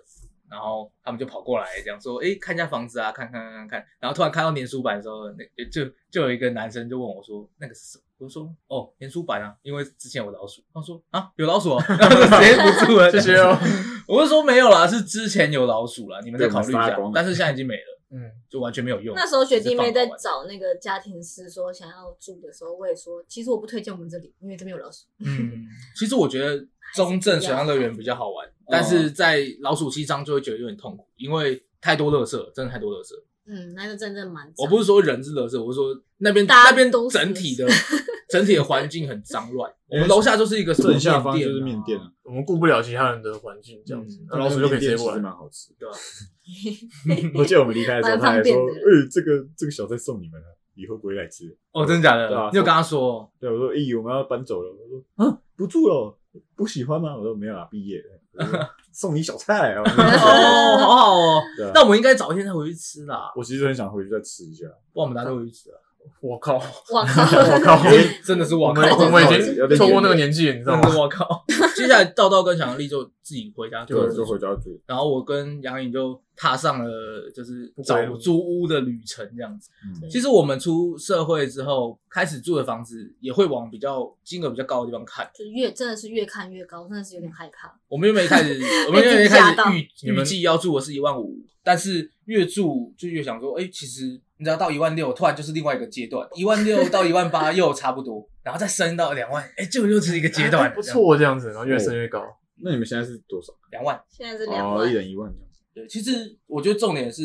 然後他們就跑過來，這樣說：“誒、欸，看一下房子啊，看看看看看。”然後突然看到粘鼠板的時候，那就就有一個男生就問我說：“那個是什麼？”我說：“哦，粘鼠板啊，因為之前有老鼠。”他說：“啊，有老鼠誰、哦、粘 不住了這些哦。 ”我就說沒有啦，是之前有老鼠了，你們再考慮一下。但是現在已經沒了。嗯，就完全沒有用。那時候學弟妹在找那個家庭師說想要住的時候，我也說，其實我不推薦我們這裡，因為這邊有老鼠。嗯， 其實我覺得中正水上樂園比，比較好玩，但是在老鼠西髒就會覺得有點痛苦，哦，因為太多垃圾，真的太多垃圾。嗯，那就真的蠻。我不是說人是垃圾，我不是說那邊那邊整體的整體的環 境很髒亂，我們樓下就是一個正下方就是麵店，我們顧不了其他人的環境，嗯，這樣子，那老鼠就可以接過來。 我記得我們離開的時候，他還說：“哎、欸，這個這個小菜送你們了，以後不會來吃。”哦，真的假的？對吧，你就跟他說：“對，我說，哎、欸、我們要搬走了。”我說：“嗯、啊，不住了，不喜歡嗎？”我說：“沒有啊，畢業， 送你小菜我 哦。”好好哦。那我們應該找一天再回去吃啦。我其實很想回去再吃一下，不然我們哪天回去吃啊？我靠！我靠！我靠！真的是我靠 我，我已經錯過那個年紀了、嗯，你知道嗎？我靠！ 接下來，道道跟蔣麗就自己回家， 回家住對，就回家住。然後我跟楊穎就踏上了就是找租屋的旅程，這樣子。其實我們出社會之後，開始住的房子也會往比較金額比較高的地方看，就越真的是越看越高，真的是有點害怕。我們又沒開始，我們又沒開始預預計要住的是一萬五，但是越住就越想說，哎、欸，其實。你知道到一萬六，突然就是另外一個階段。一 萬六到一萬八又差不多， 然後再升到兩萬，哎、欸，這又是一個階段，不錯這，這樣子，然後越升越高。那你們現在是多少？兩、嗯、萬，現在是兩萬，哦，一人一萬這樣子。對，其實我覺得重點是，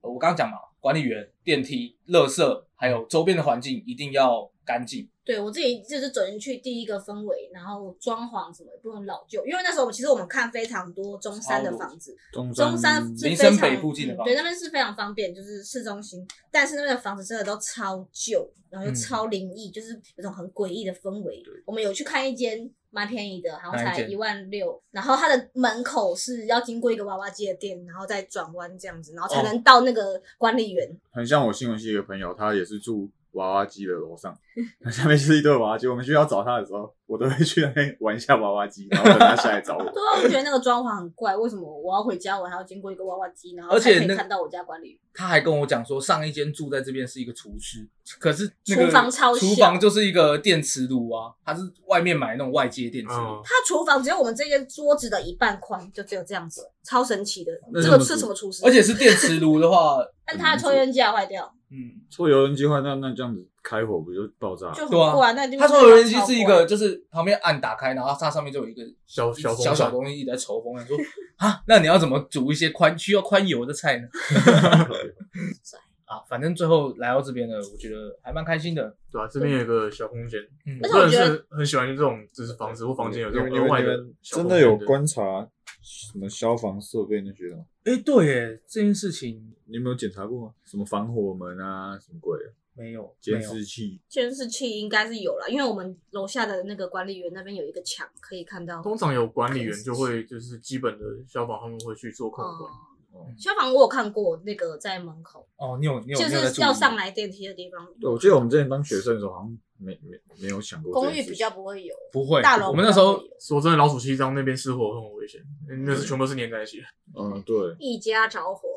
我剛剛講嘛，管理員、電梯、垃圾，還有周邊的環境一定要乾淨。對我自己就是走進去第一個氛圍，然後裝潢什麼也不用老舊，因為那時候其實我們看非常多中山的房子，中、中、中山民生北附近的吧、嗯、對那邊是非常方便，就是市中心，但是那邊的房子真的都超舊，然後又超靈異、嗯，就是有種很詭異的氛圍。我們有去看一間蠻便宜的，然後才 16, 一萬六，然後它的門口是要經過一個娃娃機的店，然後再轉彎這樣子，然後才能到那個管理員。很像我新聞系一個朋友，他也是住。.娃娃機的樓上，那 下面是一堆娃娃機。我們需要找他的時候，我都會去那邊玩一下娃娃機，然後等他下來找我。 對，我覺得那個裝潢很怪，為什麼我要回家，我還要經過一個娃娃機，然後而且看到我家管理。他還跟我講說，上一間住在這邊是一個廚師，可是廚、那個、房超小廚房就是一個電磁爐啊，他是外面買那種外接電磁爐。他、uh. 廚房只有我們這間桌子的一半寬，就只有這樣子了，超神奇的。 這個是什麼廚師、這個、師？而且是電磁爐的話，那他抽煙機壞掉。嗯，抽油煙機話，那那這樣子開火不就爆炸了？對啊，那他就他說油煙機，是一個，就是旁邊按打開，然後它上面就有一個小小，風一小小小小東西一直在抽風。他 說啊，那你要怎麼煮一些寬需要寬油的菜呢？ 啊，反正最後來到這邊了，我覺得還蠻開心的。對啊，這邊有一個小空間，我個人是很喜歡這種，就是房子或房間有這種關外的對對對對，真的有觀察。什麼消防設備那些？哎、欸，對，耶，這件事情你有沒有檢查過什麼防火門啊，什麼鬼？啊？沒有。監視器？監視器應該是有了，因為我們樓下的那個管理員那邊有一個牆可以看到。通常有管理員就會就是基本的消防，他們會去做控管。嗯哦、消防我有看過，那個在門口哦，你有你有、就是、就是要上來電梯的地方。對，我記得我們之前當學生的時候，好像沒沒沒有想過公寓比較不會有，不會大樓。我們那時候說真的，老鼠西章那邊失火很危險，那是全部都是連在一起的。嗯，對，一家着火，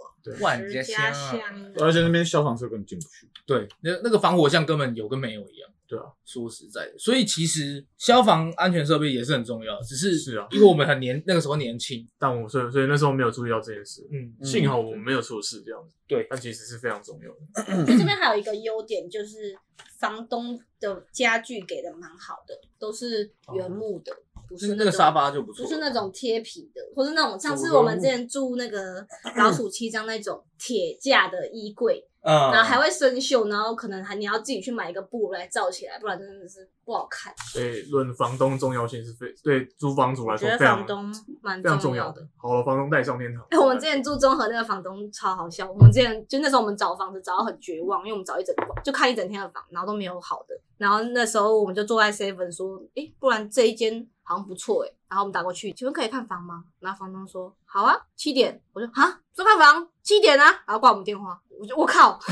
萬家香、啊，而且那邊消防車根本進不去。對，那那個防火巷根本有跟沒有一樣。對啊，說實在的，所以其實消防安全設備也是很重要，只是是啊，因為我們很年那個時候年輕、啊嗯，但我所以所以那時候沒有注意到這件事，嗯，幸好我們沒有出事這樣子，嗯、對，那其實是非常重要的。這邊還有一個優點就是房東的家具給的蠻好的，都是原木的，嗯，不，是嗯、不是那個沙發就不，不是那種貼皮的，或是那種上次我們之前住那個老鼠七張那種鐵架的衣櫃。嗯、uh，然後還會生鏽，然後可能還你要自己去買一個布來罩起來，不然真的是不好看。所以論房東重要性是非對租房主來說非常，我覺得房東蠻非常重要的。好了房東代表天堂哎，我們之前住中和那個房東超好笑。我們之前就那時候我們找房子找到很絕望，因為我們找一整就看一整天的房，然後都沒有好的。然後那時候我們就坐在 seven 說，誒，不然這一間好像不錯誒。然後我們打過去，請問可以看房嗎？然後房東說好啊，七點。我說啊，說看房七點啊，然後掛我們電話。我就我靠，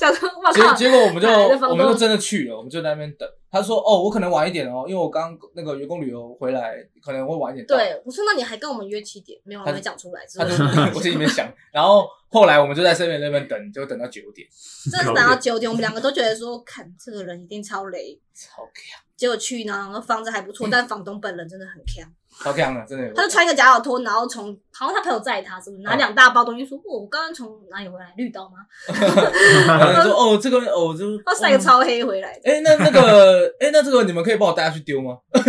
想說我靠結，結果我們就我們就真的去了，我們就在那邊等。他說哦，我可能晚一點哦，因為我剛剛那個員工旅遊回來，可能會晚一點。對我說那你還跟我們約七點，沒有沒講出來。之後我心裡面想， 然後後來我們就在森源那邊等，就等到九點，真 的等到九點，我們兩個都覺得說，看這個人一定超雷，超強。結果去呢，房子還不錯，但房東本人真的很強，超強的，真的。他就穿一個夾腳拖，然後從好像他朋友載他是不是，拿兩大包東西說：“啊哦、我我剛剛從哪裡回來？”綠島嗎？ 然後他說：“ 哦，這個哦就。”他曬個超黑回來。哎、欸，那那、這個，哎、欸，那這個你們可以幫我帶他去丟嗎？我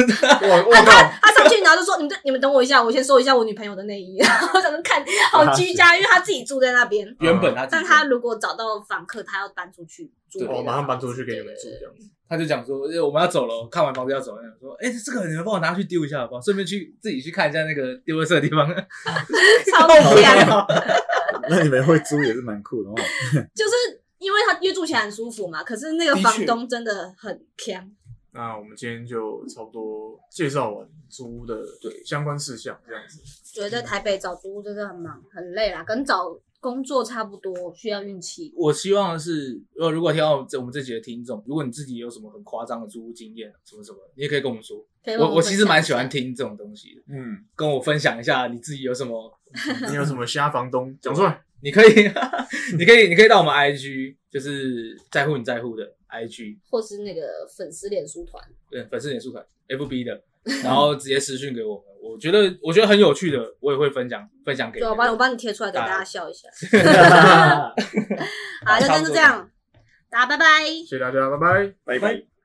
我他他,他上去然後就說：“你們你們等我一下，我先收一下我女朋友的內衣， 然後在那看好居家，因為他自己住在那邊。原本他但他如果找到房客，他要搬出去對住。我、哦、馬上搬出去給你們住這樣他就講說，我們要走了，看完房子要走了，講說，哎、欸，這個你們幫我拿去丟一下好不好？順便去自己去看一下那個丟垃圾的地方， 超討的 那你們會租也是蠻酷的哦。 就是因為他約住起來很舒服嘛，可是那個房東真的很坑。那我們今天就差不多介紹完租屋的對相關事項，這樣子。覺得在台北找租屋真的很忙很累啦，跟找工作差不多需要運氣。我希望的是呃，如果聽到這我們這幾個聽眾，如果你自己有什麼很誇張的租屋經驗，什麼什麼，你也可以跟我們說。可以。我我其實蠻喜歡聽這種東西的，嗯，跟我分享一下你自己有什麼， 你有什麼瞎房東，講出來，你可以， 你可以，你可以到我們 I G，就是在乎你在乎的 I G，或是那個粉絲臉書團，對，粉絲臉書團 F B 的。 然後直接私訊給我們，我覺得我覺得很有趣的，我也會分享分享給你我把你。我幫我幫你貼出來，給大家笑一下。 好，今天就,就這樣，大家拜拜，謝謝大家，拜拜，拜拜。拜拜